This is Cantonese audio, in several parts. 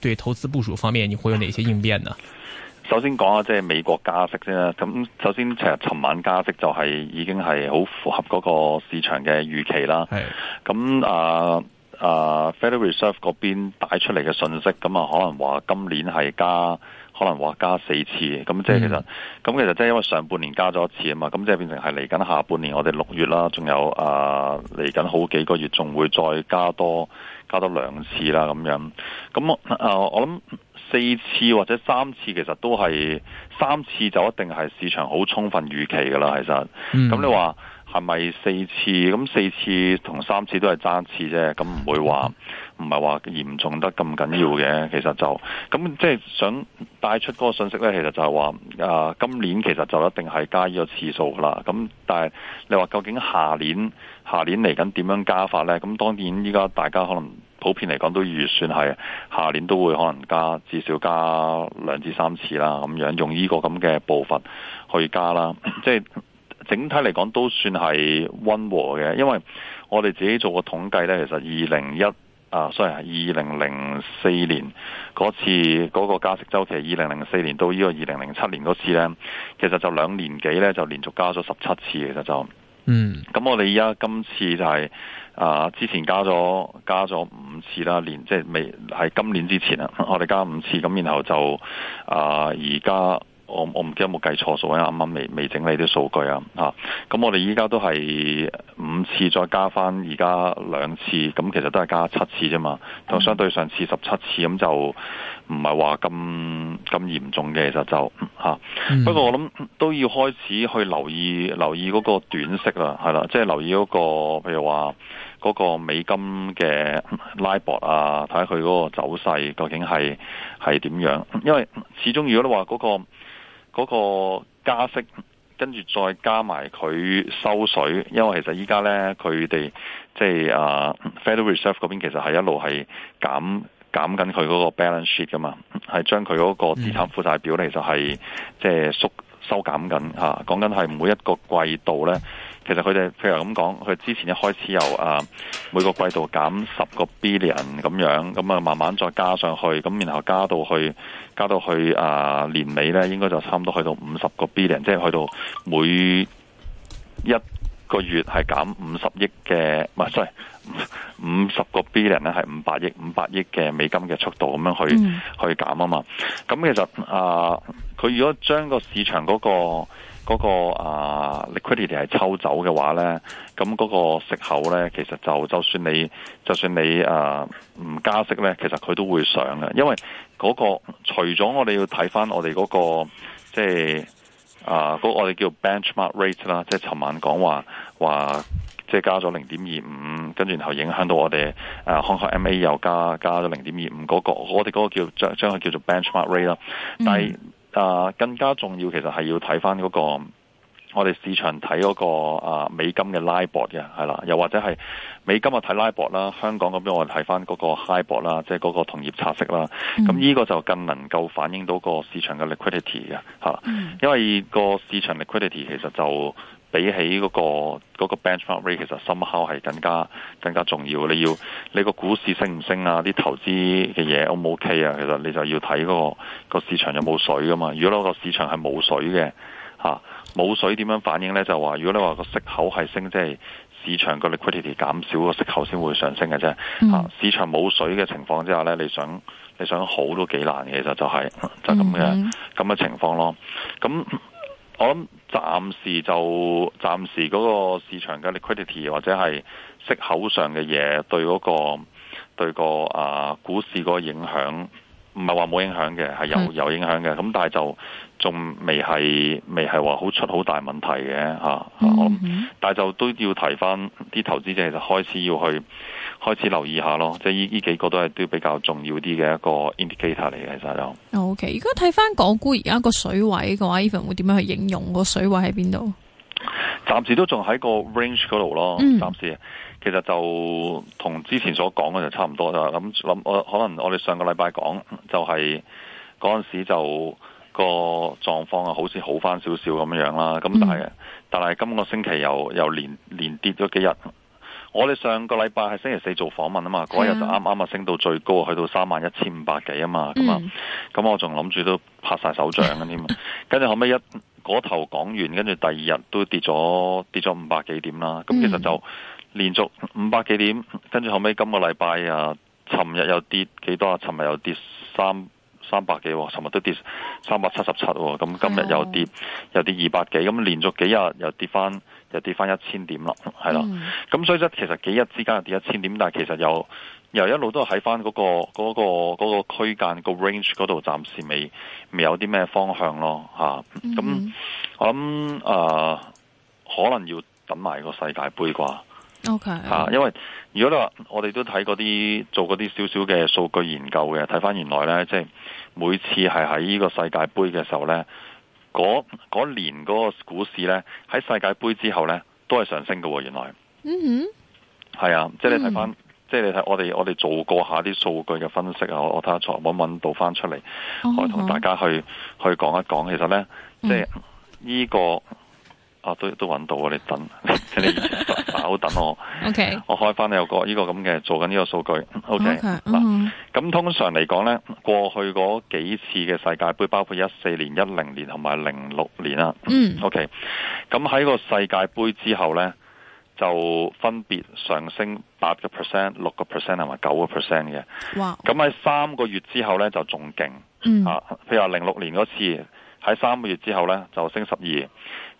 對投資部署方面，你會有哪些應變呢？首先講下，即係美國加息先啦。咁首先，其實尋晚加息就係已經係好符合嗰個市場嘅預期啦。係咁是啊啊，Federal Reserve 嗰邊帶出嚟嘅信息，咁啊可能話今年係加，可能話加四次。咁即係其實，咁、嗯、其實即係因為上半年加咗一次啊嘛，咁即係變成係嚟緊下半年，我哋六月啦，仲有啊嚟緊好幾個月，仲會再加多。加多兩次啦，咁樣咁啊、嗯，我諗四次或者三次，其實都係三次就一定係市場好充分預期嘅啦。其實，咁、嗯、你話係咪四次？咁四次同三次都係爭次啫，咁唔會話唔係話嚴重得咁緊要嘅。其實就咁即係想帶出嗰個信息咧，其實就係話啊，今年其實就一定係加呢個次數啦。咁但係你話究竟下年？下年嚟緊點樣加法呢？咁當然依家大家可能普遍嚟講都預算係下年都會可能加至少加兩至三次啦，咁樣用呢個咁嘅步伐去加啦。即係 整體嚟講都算係溫和嘅，因為我哋自己做個統計呢，其實二零一啊 sorry 係二零零四年嗰次嗰個加息周期，二零零四年到呢個二零零七年嗰次呢，其實就兩年幾呢，就連續加咗十七次，其實就。嗯，咁我哋而家今次就係，啊之前加咗加咗五次啦，年即係未係今年之前啊，我哋加五次，咁然後就啊而家。我我唔記得有冇計錯數，剛剛數啊！啱啱未未整理啲數據啊嚇！咁我哋依家都係五次再加返而家兩次，咁其實都係加七次啫嘛。就、啊、相對上次十七次咁就唔係話咁咁嚴重嘅，其實就嚇。啊嗯、不過我諗都要開始去留意留意嗰個短息啦，係啦，即、就、係、是、留意嗰、那個譬如話嗰、那個美金嘅 LIBOR 啊，睇下佢嗰個走勢究竟係係點樣？因為始終如果你話嗰個嗰個加息，跟住再加埋佢收水，因為其實依家呢，佢哋即係啊，uh，Federal Reserve 嗰邊其實係一路係減減緊佢嗰個 balance sheet 噶嘛，係將佢嗰個資產負債表呢就係即係縮收緊緊吓，講緊係每一個季度呢。其實佢哋譬如咁講，佢之前一開始由啊每個季度減十個 billion 咁樣，咁啊慢慢再加上去，咁然後加到去加到去啊年尾咧，應該就差唔多去到五十個 billion，即係去到每一個月係減五十億嘅，唔係，sorry，五十個 billion 咧係五百億，五百億嘅美金嘅速度咁樣去、嗯、去減啊嘛。咁其實啊，佢如果將個市場嗰、那個嗰、那個啊、uh, liquidity 係抽走嘅話咧，咁嗰個食口咧，其實就就算你就算你誒唔、uh, 加息咧，其實佢都會上嘅，因為嗰、那個除咗我哋要睇返我哋嗰、那個即係啊嗰我哋叫 benchmark rate 啦，即係尋晚講話話即係加咗零點二五，跟住然後影響到我哋誒香港 MA 又加加咗零點二五嗰個，我哋嗰個叫將將佢叫做 benchmark rate 啦，但係，嗯啊，更加重要其實係要睇翻嗰個，我哋市場睇嗰、嗰個啊美金嘅拉博嘅，係啦，又或者係美金啊睇拉博啦，香港咁邊我哋睇翻嗰個 high 博啦，即係嗰個同業拆息啦，咁呢、嗯、個就更能夠反映到個市場嘅 liquidity 嘅嚇，嗯、因為個市場 liquidity 其實就。比起嗰、那個、那個、benchmark rate，其實 somehow 係更加更加重要。你要你個股市升唔升啊？啲投資嘅嘢 O 唔 O K 啊？其實你就要睇嗰、那個那個市場有冇水噶嘛。如果你個市場係冇水嘅嚇，冇、啊、水點樣反應咧？就話如果你話個息口係升，即、就、係、是、市場個 liquidity 減少個息口先會上升嘅啫。嚇、mm hmm. 啊，市場冇水嘅情況之下咧，你想你想好都幾難嘅。其實就係、是、就咁嘅咁嘅情況咯。咁、嗯。我諗暫時就暫時嗰個市場嘅 liquidity 或者係息口上嘅嘢，對嗰個、對個啊股市個影響，唔係話冇影響嘅，係有有影響嘅。咁是但係就仲未係未係話好出好大問題嘅吓、mm hmm.。我諗，但係就都要提翻啲投資者就開始要去。開始留意下咯，即係呢呢幾個都係都比較重要啲嘅一個 indicator 嚟嘅。其實就 OK，如果睇翻港股而家個水位嘅話，Even 會點樣去形容？個水位喺邊度？暫時都仲喺個 range 嗰度咯，暫、嗯、時。其實就同之前所講嘅就差唔多啦。咁咁我可能我哋上個禮拜講就係嗰陣時就個狀況啊，好似好翻少少咁樣樣啦。咁、嗯、但係，但係今個星期又又連連跌咗幾日。我哋上個禮拜係星期四做訪問啊嘛，嗰日、嗯、就啱啱啊升到最高，去到三萬一千五百幾啊嘛，咁啊、嗯，咁我仲諗住都拍晒手掌添，跟住後尾一嗰頭講完，跟住第二日都跌咗跌咗五百幾點啦，咁其實就連續五百幾點，跟住、嗯、後尾今個禮拜啊，尋日又跌幾多啊？尋日又跌三三百幾，尋日都跌三百七十七，咁今日又跌、嗯嗯、又跌二百幾，咁連續幾日又跌翻。又跌翻一千點咯，係咯，咁、mm hmm. 所以即其實幾日之間就跌一千點，但係其實又又一路都喺翻嗰個嗰、那個嗰、那個區間、那個 range 嗰度，暫時未未有啲咩方向咯，吓、啊，咁、mm hmm. 我諗誒、呃、可能要等埋個世界盃啩，OK 嚇、啊，因為如果你話我哋都睇嗰啲做嗰啲少少嘅數據研究嘅，睇翻原來咧，即、就、係、是、每次係喺呢個世界盃嘅時候咧。嗰年嗰個股市咧，喺世界盃之後咧，都係上升嘅喎，哦。原來，嗯哼、mm，係、hmm. 啊，即係你睇翻，mm hmm. 即係你睇我哋我哋做過下啲數據嘅分析啊。我睇下再揾揾到翻出嚟，我同、oh, 大家去 okay. 去講一講。其實咧，即係、這、呢個、mm hmm. 啊都都揾到啊！你等。你你 我等我，OK，我開翻你有個呢個咁嘅做緊呢個數據，OK，嗱、okay. uh，咁、huh. 通常嚟講呢，過去嗰幾次嘅世界杯，包括一四年、一零年同埋零六年啦，嗯、mm.，OK，咁喺個世界杯之後呢，就分別上升八個 percent、六個 percent 同埋九個 percent 嘅，咁喺三個月之後呢，就仲勁，mm. 啊，譬如話零六年嗰次。喺三個月之後呢，就升十二。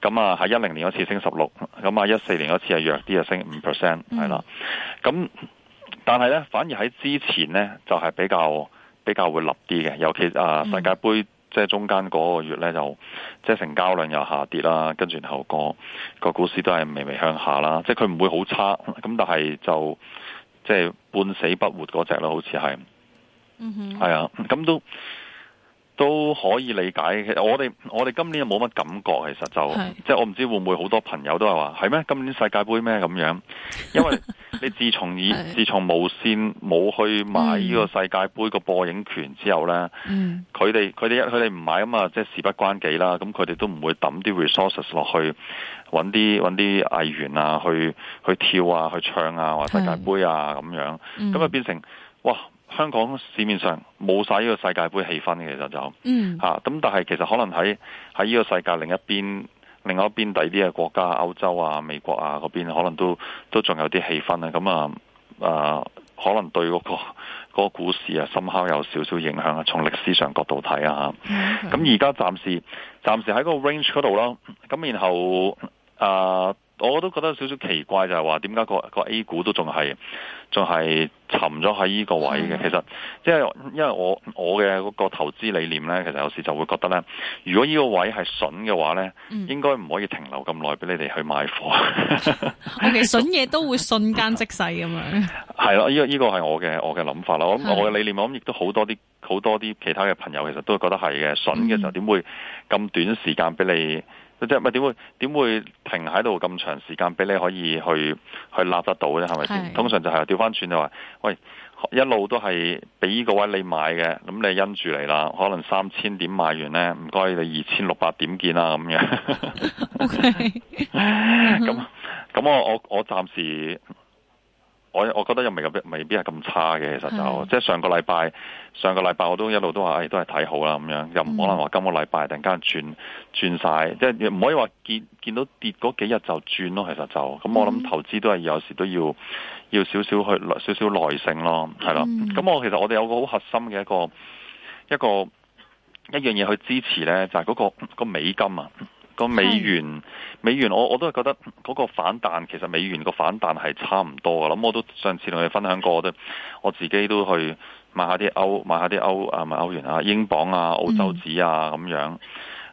咁啊，喺一零年嗰次升十六。咁啊，一四年嗰次係弱啲，啊升五 percent 係啦。咁但係呢，反而喺之前呢，就係、是、比較比較會立啲嘅。尤其啊，世界杯、嗯、即係中間嗰個月呢，就即係成交量又下跌啦。跟住然後、個個股市都係微微向下啦。即係佢唔會好差，咁但係就即係半死不活嗰隻咯，好似係。嗯哼。係啊，咁都。都可以理解，其實我哋我哋今年冇乜感覺，其實就是即係我唔知會唔會好多朋友都係話係咩？今年世界杯咩咁樣？因為你自從以 是自從冇先無綫冇去買呢個世界杯個播映權之後呢，佢哋佢哋佢哋唔買啊嘛，即係事不關己啦。咁佢哋都唔會抌啲 resources 落去揾啲揾啲藝員啊去去跳啊去唱啊，世界杯啊咁是樣，咁啊、嗯、變成哇！香港市面上冇晒呢個世界杯氣氛嘅，就就吓，咁但係其實可能喺喺呢個世界另一邊，另外一邊第啲嘅國家，歐洲啊、美國啊嗰邊，可能都都仲有啲氣氛啊，咁啊啊，可能對嗰個嗰個股市啊，深刻有少少影響啊，從歷史上角度睇啊，咁而家暫時暫時喺個 range 嗰度咯，咁然後啊。我都覺得少少奇怪，就係話點解個個 A 股都仲係仲係沉咗喺依個位嘅？的其實，即係因為我我嘅嗰個投資理念咧，其實有時就會覺得咧，如果依個位係筍嘅話咧，嗯、應該唔可以停留咁耐俾你哋去買貨。其實筍嘢都會瞬間即逝嘅嘛。係咯， 呢個依個係我嘅我嘅諗法啦。我我嘅理念，的我諗亦都好多啲好多啲其他嘅朋友其實都會覺得係嘅。筍嘅時候點會咁短時間俾你？嗯即係點會點會停喺度咁長時間俾你可以去去立得到咧？係咪先？是 通常就係調翻轉就話、是，喂，一路都係俾呢個位你買嘅，咁你因住嚟啦，可能三千點買完咧，唔該你二千六百點見啦，咁樣。咁 咁 Okay. 我我我暫時。我我覺得又未未必係咁差嘅，其實就，即係上個禮拜上個禮拜我都一路都話，誒都係睇好啦咁樣，又唔可能話今個禮拜突然間轉轉晒，即係唔可以話見見到跌嗰幾日就轉咯，其實就咁我諗投資都係有時都要要少少去少少耐性咯，係咯。咁我其實我哋有個好核心嘅一個一個一樣嘢去支持咧，就係嗰個個美金啊。個美元，美元我我都係覺得嗰個反彈，其實美元個反彈係差唔多嘅。咁我都上次同你分享過我，我自己都去買下啲歐，買下啲歐啊，買歐元啊、英鎊啊、澳洲紙啊咁、嗯、樣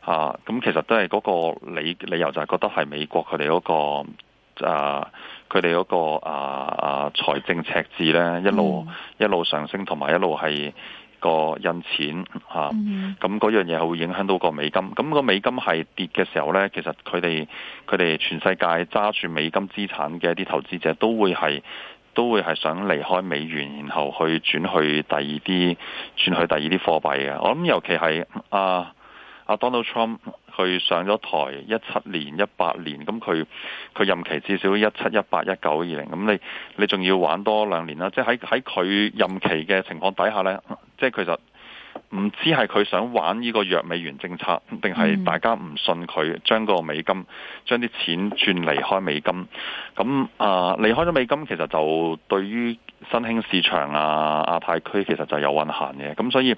嚇。咁、啊、其實都係嗰個理理由，就係覺得係美國佢哋嗰個啊，佢哋嗰個啊啊財政赤字呢，一路、嗯、一路上升，同埋一路係。個印錢嚇，咁嗰、嗯嗯、樣嘢係會影響到個美金。咁個美金係跌嘅時候呢，其實佢哋佢哋全世界揸住美金資產嘅一啲投資者都，都會係都會係想離開美元，然後去轉去第二啲轉去第二啲貨幣嘅。我諗尤其係啊。呃阿 Donald Trump 佢上咗台一七年、一八年，咁佢佢任期至少一七、一八、一九、二零，咁你你仲要玩多兩年啦。即係喺喺佢任期嘅情況底下咧，即係其實唔知係佢想玩呢個弱美元政策，定係大家唔信佢將個美金將啲錢轉離開美金。咁啊，離開咗美金，其實就對於新興市場啊、亞太區其實就有運行嘅。咁所以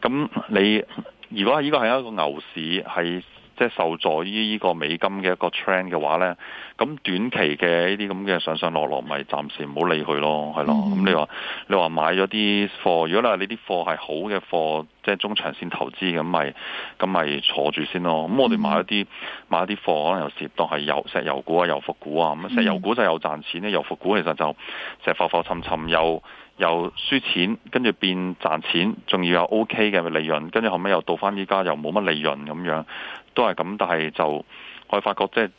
咁你。如果呢依個係一個牛市，係即係受助於呢個美金嘅一個 trend 嘅話呢，咁短期嘅呢啲咁嘅上上落落，咪暫時唔好理佢咯，係咯。咁、嗯嗯、你話你話買咗啲貨，如果你話呢啲貨係好嘅貨，即、就、係、是、中長線投資咁咪，咁咪坐住先咯。咁我哋買一啲、嗯、買一啲貨，可能又涉當係油石油股啊、油服股啊。咁石油股就又賺錢咧，油服股其實就成日浮浮沉沉又。由輸錢跟住變賺錢，仲要有 OK 嘅利潤，跟住後尾又到返依家又冇乜利潤咁樣，都係咁，但係就我發覺即係，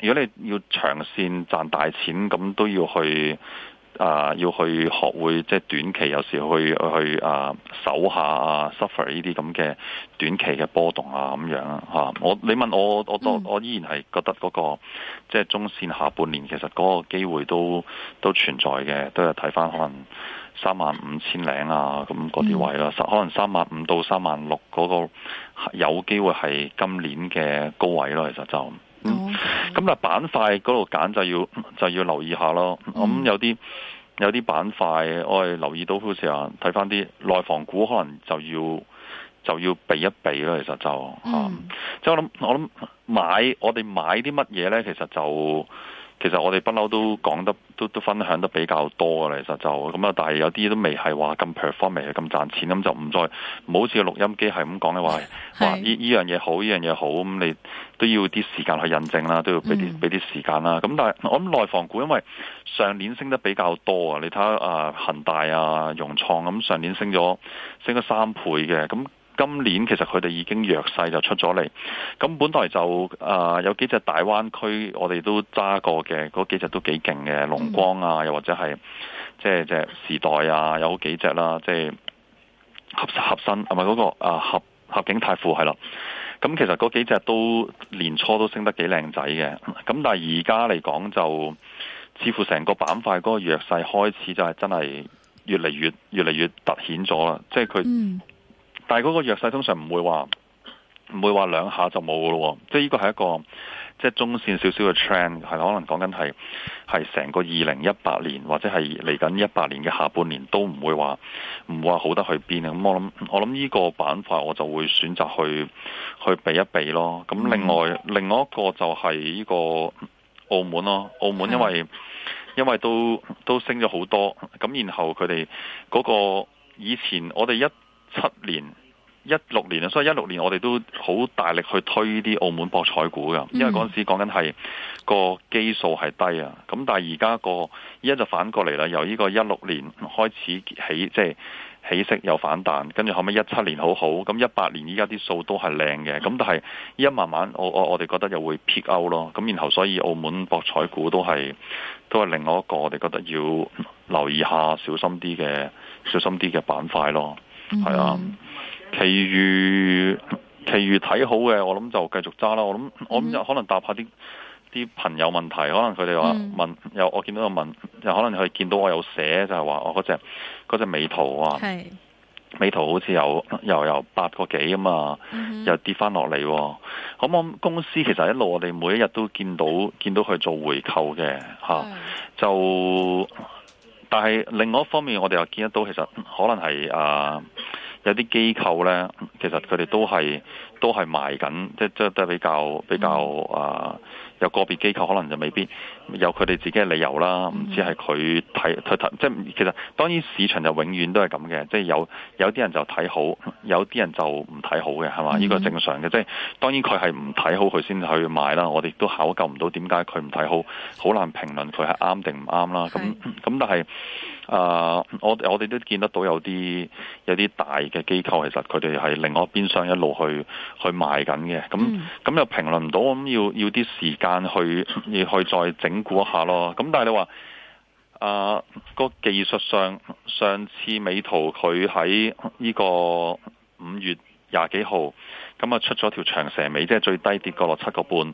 如果你要長線賺大錢，咁都要去。啊、呃，要去學會，即係短期，有時去去啊，守下啊，suffer 呢啲咁嘅短期嘅波動啊，咁樣啊嚇。我你問我，我當我，我依然係覺得嗰、那個即係中綫下半年其實嗰個機會都都存在嘅，都係睇翻可能三萬五千零啊咁嗰啲位啦、啊，嗯、可能三萬五到三萬六嗰、那個有機會係今年嘅高位咯、啊，其實就。咁咁啊，Okay. 嗯嗯、板塊嗰度揀就要就要留意下咯。咁有啲有啲板塊，我哋留意到，好似啊睇翻啲內房股，可能就要就要避一避啦。其實就吓，即係我諗我諗買我哋買啲乜嘢咧，其實就。嗯嗯其實我哋不嬲都講得都都分享得比較多嘅，其實就咁啊！但係有啲都未係話咁 perform，未係咁賺錢咁，就唔再好似個錄音機係咁講咧，話話呢呢樣嘢好，呢樣嘢好咁、嗯，你都要啲時間去印證啦，都要俾啲俾啲時間啦。咁但係我諗內房股因為上年升得比較多啊，你睇下啊恒大啊、融創咁、嗯、上年升咗升咗三倍嘅咁。嗯今年其實佢哋已經弱勢就出咗嚟，咁本來就啊、呃、有幾隻大灣區我哋都揸過嘅，嗰幾隻都幾勁嘅，龍光啊，又或者係即係即係時代啊，有幾隻啦，即係合合身，係咪嗰個啊合合景泰富係咯，咁其實嗰幾隻都年初都升得幾靚仔嘅，咁但係而家嚟講就似乎成個板塊嗰個弱勢開始就係真係越嚟越越嚟越凸顯咗啦，即係佢。嗯但係嗰個弱勢通常唔會話唔會話兩下就冇嘅咯，即係呢個係一個即係中線少少嘅 trend，係可能講緊係係成個二零一八年或者係嚟緊一八年嘅下半年都唔會話唔會話好得去邊啊！咁我諗我諗呢個板塊我就會選擇去去避一避咯。咁另外、嗯、另外一個就係呢個澳門咯，澳門因為、嗯、因為都都升咗好多，咁然後佢哋嗰個以前我哋一。七年一六年啊，所以一六年我哋都好大力去推啲澳門博彩股噶因為嗰陣時講緊係個基數係低啊。咁但係而家個依家就反過嚟啦，由呢個一六年開始起，即係起色又反彈，跟住後尾一七年好好，咁一八年依家啲數都係靚嘅。咁但係依家慢慢我我我哋覺得又會撇歐咯。咁然後所以澳門博彩股都係都係另外一個我哋覺得要留意下、小心啲嘅、小心啲嘅板塊咯。係啊、mm hmm.，其餘其餘睇好嘅，我諗就繼續揸啦。我諗、mm hmm. 我可能答下啲啲朋友問題，可能佢哋話問有我見到佢問又，可能佢見到我有寫就係話我嗰隻隻美圖啊，mm hmm. 美圖好似有有有八個幾啊嘛，mm hmm. 又跌翻落嚟。咁我公司其實一路我哋每一日都見到見到佢做回購嘅吓，啊 mm hmm. 就。但係另外一方面，我哋又見得到，其實可能係啊。Uh 有啲機構呢，其實佢哋都係都係賣緊，即係即係比較比較啊、呃。有個別機構可能就未必有佢哋自己嘅理由啦，唔、嗯、知係佢睇即係其實當然市場就永遠都係咁嘅，即係有有啲人就睇好，有啲人就唔睇好嘅，係嘛？呢個、嗯、正常嘅，即係當然佢係唔睇好佢先去買啦。我哋都考究唔到點解佢唔睇好，好難評論佢係啱定唔啱啦。咁咁是但係。啊、uh，我我哋都見得到有啲有啲大嘅機構，其實佢哋係另外一邊上一路去去賣緊嘅。咁咁、嗯、又評論唔到，咁要要啲時間去要去再整固一下咯。咁但係你話啊，uh, 個技術上上次美圖佢喺呢個五月，廿幾號咁啊出咗條長蛇尾，即係最低跌過落七個半，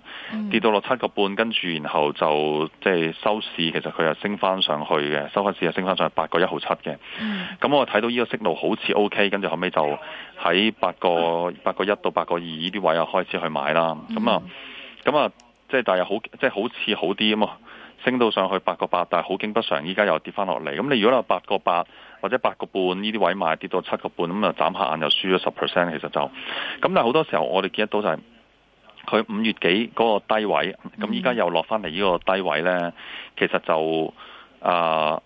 跌到落七個半，跟住然後就即係、就是、收市，其實佢又升翻上去嘅，收翻市又升翻上去八個一毫七嘅。咁我睇到呢個息路好似 O K，跟住後尾就喺八個八個一到八個二呢啲位又開始去買啦。咁啊咁啊，即、hmm. 係但係好即係好似好啲啊嘛，升到上去八個八，但係好景不常，依家又跌翻落嚟。咁你如果話八個八。或者八個半呢啲位賣，跌到七個半咁啊，眨下眼又輸咗十 percent，其實就咁。但係好多時候我哋見得到就係佢五月幾嗰個低位，咁依家又落翻嚟呢個低位咧，嗯、其實就啊、呃，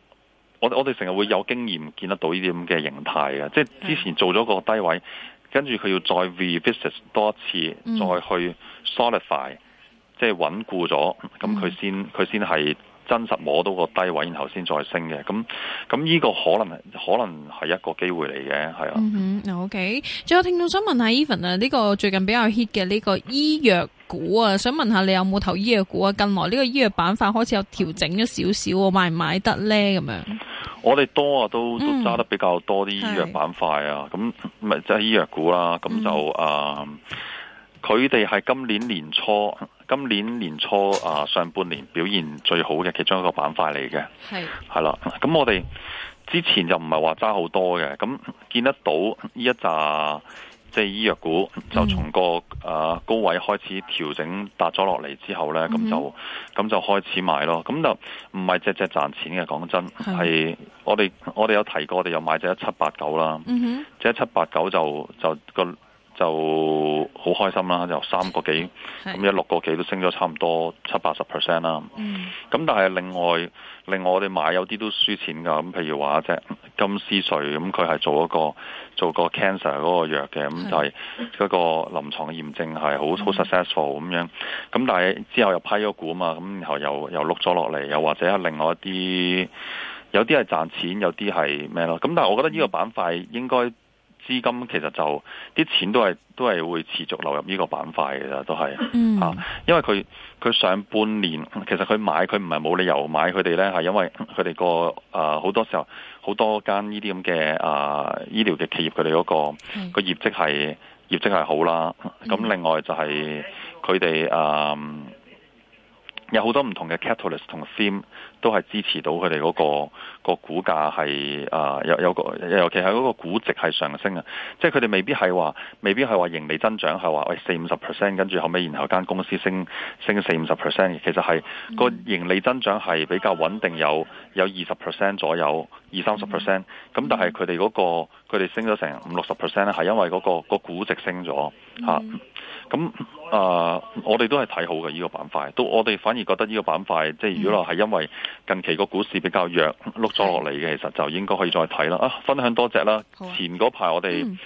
我我哋成日會有經驗見得到呢啲咁嘅形態嘅，即係之前做咗個低位，跟住佢要再 revisit 多一次，嗯、再去 solidify，即係穩固咗，咁佢先佢、嗯、先係。真實摸到個低位，然後先再升嘅，咁咁呢個可能可能係一個機會嚟嘅，係啊。嗯 OK 仲有聽眾想問下 Evan 啊，呢個最近比較 hit 嘅呢個醫藥股啊，想問下你有冇投醫藥股啊？近來呢個醫藥板塊開始有調整咗少少，買唔買得呢？咁樣？我哋多啊，都都揸、mm hmm. 得比較多啲醫藥板塊啊，咁咪即係醫藥股啦。咁就、mm hmm. 啊，佢哋係今年年初。今年年初啊，呃，上半年表現最好嘅其中一個板塊嚟嘅，係係啦。咁我哋之前就唔係話揸好多嘅，咁見得到呢一扎即係醫藥股，就從個啊，嗯呃、高位開始調整，達咗落嚟之後呢，咁就咁、嗯、哼就開始買咯。咁就唔係隻隻賺錢嘅，講真係是我哋我哋有提過，我哋又買咗一七八九啦，嗯即哼一七八九就就，就個。就個就好開心啦，就三個幾，咁一六個幾都升咗差唔多七八十 percent 啦。咁、嗯嗯、但係另外另外我哋買有啲都輸錢㗎，咁譬如話一隻金斯瑞，咁佢係做一個做一個 cancer 嗰個藥嘅，咁、嗯、是就係嗰個臨牀嘅驗證係好好 successful 咁、嗯、樣。咁但係之後又批咗股嘛，咁然後又又碌咗落嚟，又或者係另外一啲有啲係賺錢，有啲係咩咯？咁但係我覺得呢個板塊應該。應該 資金其實就啲錢都係都係會持續流入呢個板塊嘅啫，都係嚇、嗯啊，因為佢佢上半年其實佢買佢唔係冇理由買佢哋咧，係因為佢哋個啊好多時候好多間呢啲咁嘅啊醫療嘅企業佢哋嗰個個是業績係業績係好啦。咁、嗯、另外就係佢哋啊有好多唔同嘅 catalyst 同 theme 都係支持到佢哋嗰個。個股價係啊有有個，尤其喺嗰個股值係上升啊，即係佢哋未必係話，未必係話盈利增長係話喂四五十 percent，跟住後尾，然後間公司升升四五十 percent，其實係個盈利增長係比較穩定，有有二十 percent 左右，二三十 percent，咁但係佢哋嗰個佢哋升咗成五六十 percent 咧，係因為嗰個個股值升咗吓，咁啊、呃、我哋都係睇好嘅呢個板塊，都我哋反而覺得呢個板塊即係如果係因為近期個股市比較弱多落嚟嘅，其實就應該可以再睇啦。啊，分享多隻啦。啊、前嗰排我哋、嗯、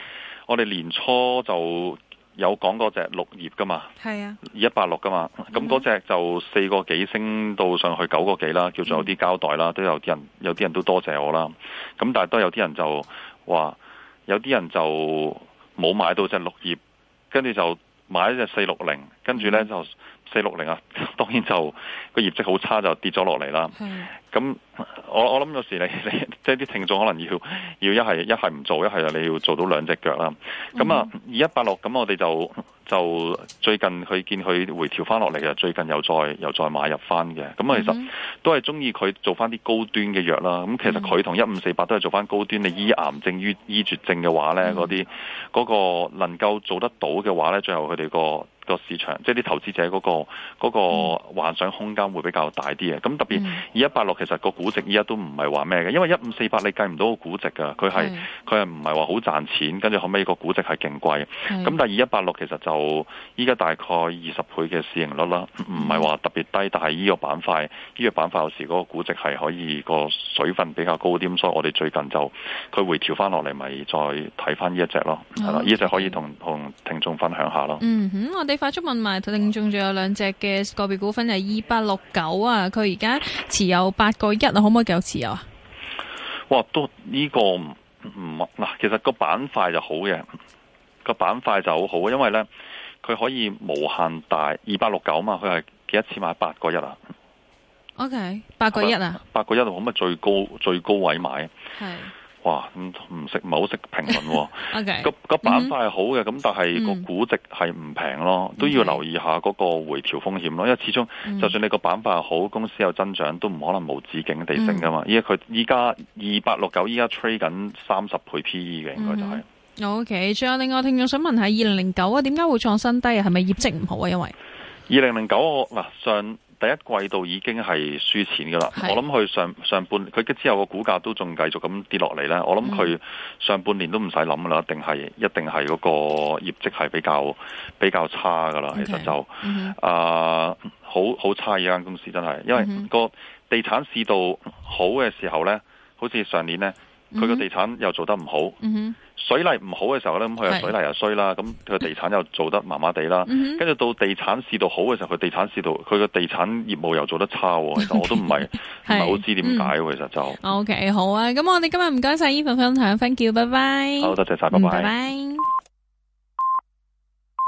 我哋年初就有講嗰隻綠葉噶嘛，係啊，二一八六噶嘛。咁嗰隻就四個幾升到上去九個幾啦，叫做有啲交代啦，嗯、都有啲人有啲人都多謝我啦。咁但係都有啲人就話，有啲人就冇買到隻綠葉，跟住就買一隻四六零，跟住咧就四六零啊，當然就個業績好差就跌咗落嚟啦。咁我我諗有時你你即係啲聽眾可能要要一係一係唔做，一係啊你要做到兩隻腳啦。咁、嗯、啊二一八六咁我哋就就最近佢見佢回調翻落嚟嘅，最近又再又再買入翻嘅。咁啊其實都係中意佢做翻啲高端嘅藥啦。咁其實佢同一五四八都係做翻高端嘅醫癌症、醫醫絕症嘅話咧，嗰啲嗰個能夠做得到嘅話咧，最後佢哋、嗰個嗰個市場即係啲投資者嗰個嗰個幻想空間會比較大啲嘅。咁特別二一八六。嗯嗯其實個估值依家都唔係話咩嘅，因為一五四八你計唔到個估值噶佢係佢係唔係話好賺錢，跟住後尾個估值係勁貴。咁是的 但係二一八六其實就依家大概二十倍嘅市盈率啦，唔係話特別低，但係呢個板塊呢是的 個板塊有時嗰個估值係可以個水分比較高啲，咁所以我哋最近就佢回調翻落嚟，咪再睇翻呢一隻咯，係咯的，呢隻 Okay 可以同同聽眾分享下咯。Okay 嗯，哼，我哋快速問埋聽眾，仲有兩隻嘅個別股份，就係二八六九啊，佢而家持有八。個一啊，可唔可以九次啊？哇，都呢、這個唔唔，嗱，其實個板塊就好嘅，個板塊就好好，因為咧佢可以無限大，二百六九啊嘛，佢係幾多次買八個一啊？OK，八個一啊，八個一就可唔可以最高最高位買，係。哇，唔識唔係好識評論，OK 個板塊係好嘅，咁但係個估值係唔平咯，嗯、都要留意下嗰個回調風險咯，因為始終就算你個板塊好，公司有增長，都唔可能冇止境地升噶嘛。依家佢依家二八六九，依家 trade 緊三十倍 P E 嘅，應該就係、是嗯嗯。OK，仲有另外聽眾想問係二零零九啊，點解會創新低啊？係咪業績唔好啊？因為二零零九我上。第一季度已經係輸錢㗎啦，是我諗佢上上半佢之後個股價都仲繼續咁跌落嚟咧，我諗佢上半年都唔使諗啦，一定係一定係嗰個業績係比較比較差㗎啦，Okay. 其實就、mm hmm. 啊好好差，依間公司真係，因為個地產市道好嘅時候咧，好似上年咧。佢個地產又做得唔好，嗯、哼水泥唔好嘅時候呢，咁佢個水泥又衰啦，咁佢是個地產又做得麻麻地啦，跟住 到地產市道好嘅時候，佢地產市道佢個地產業務又做得差喎，哦，其實我都唔係唔係好知點解喎，嗯、其實就。OK 好啊，咁我哋今日唔該晒。依份分享，Thank you，拜拜。好，多謝晒，拜拜。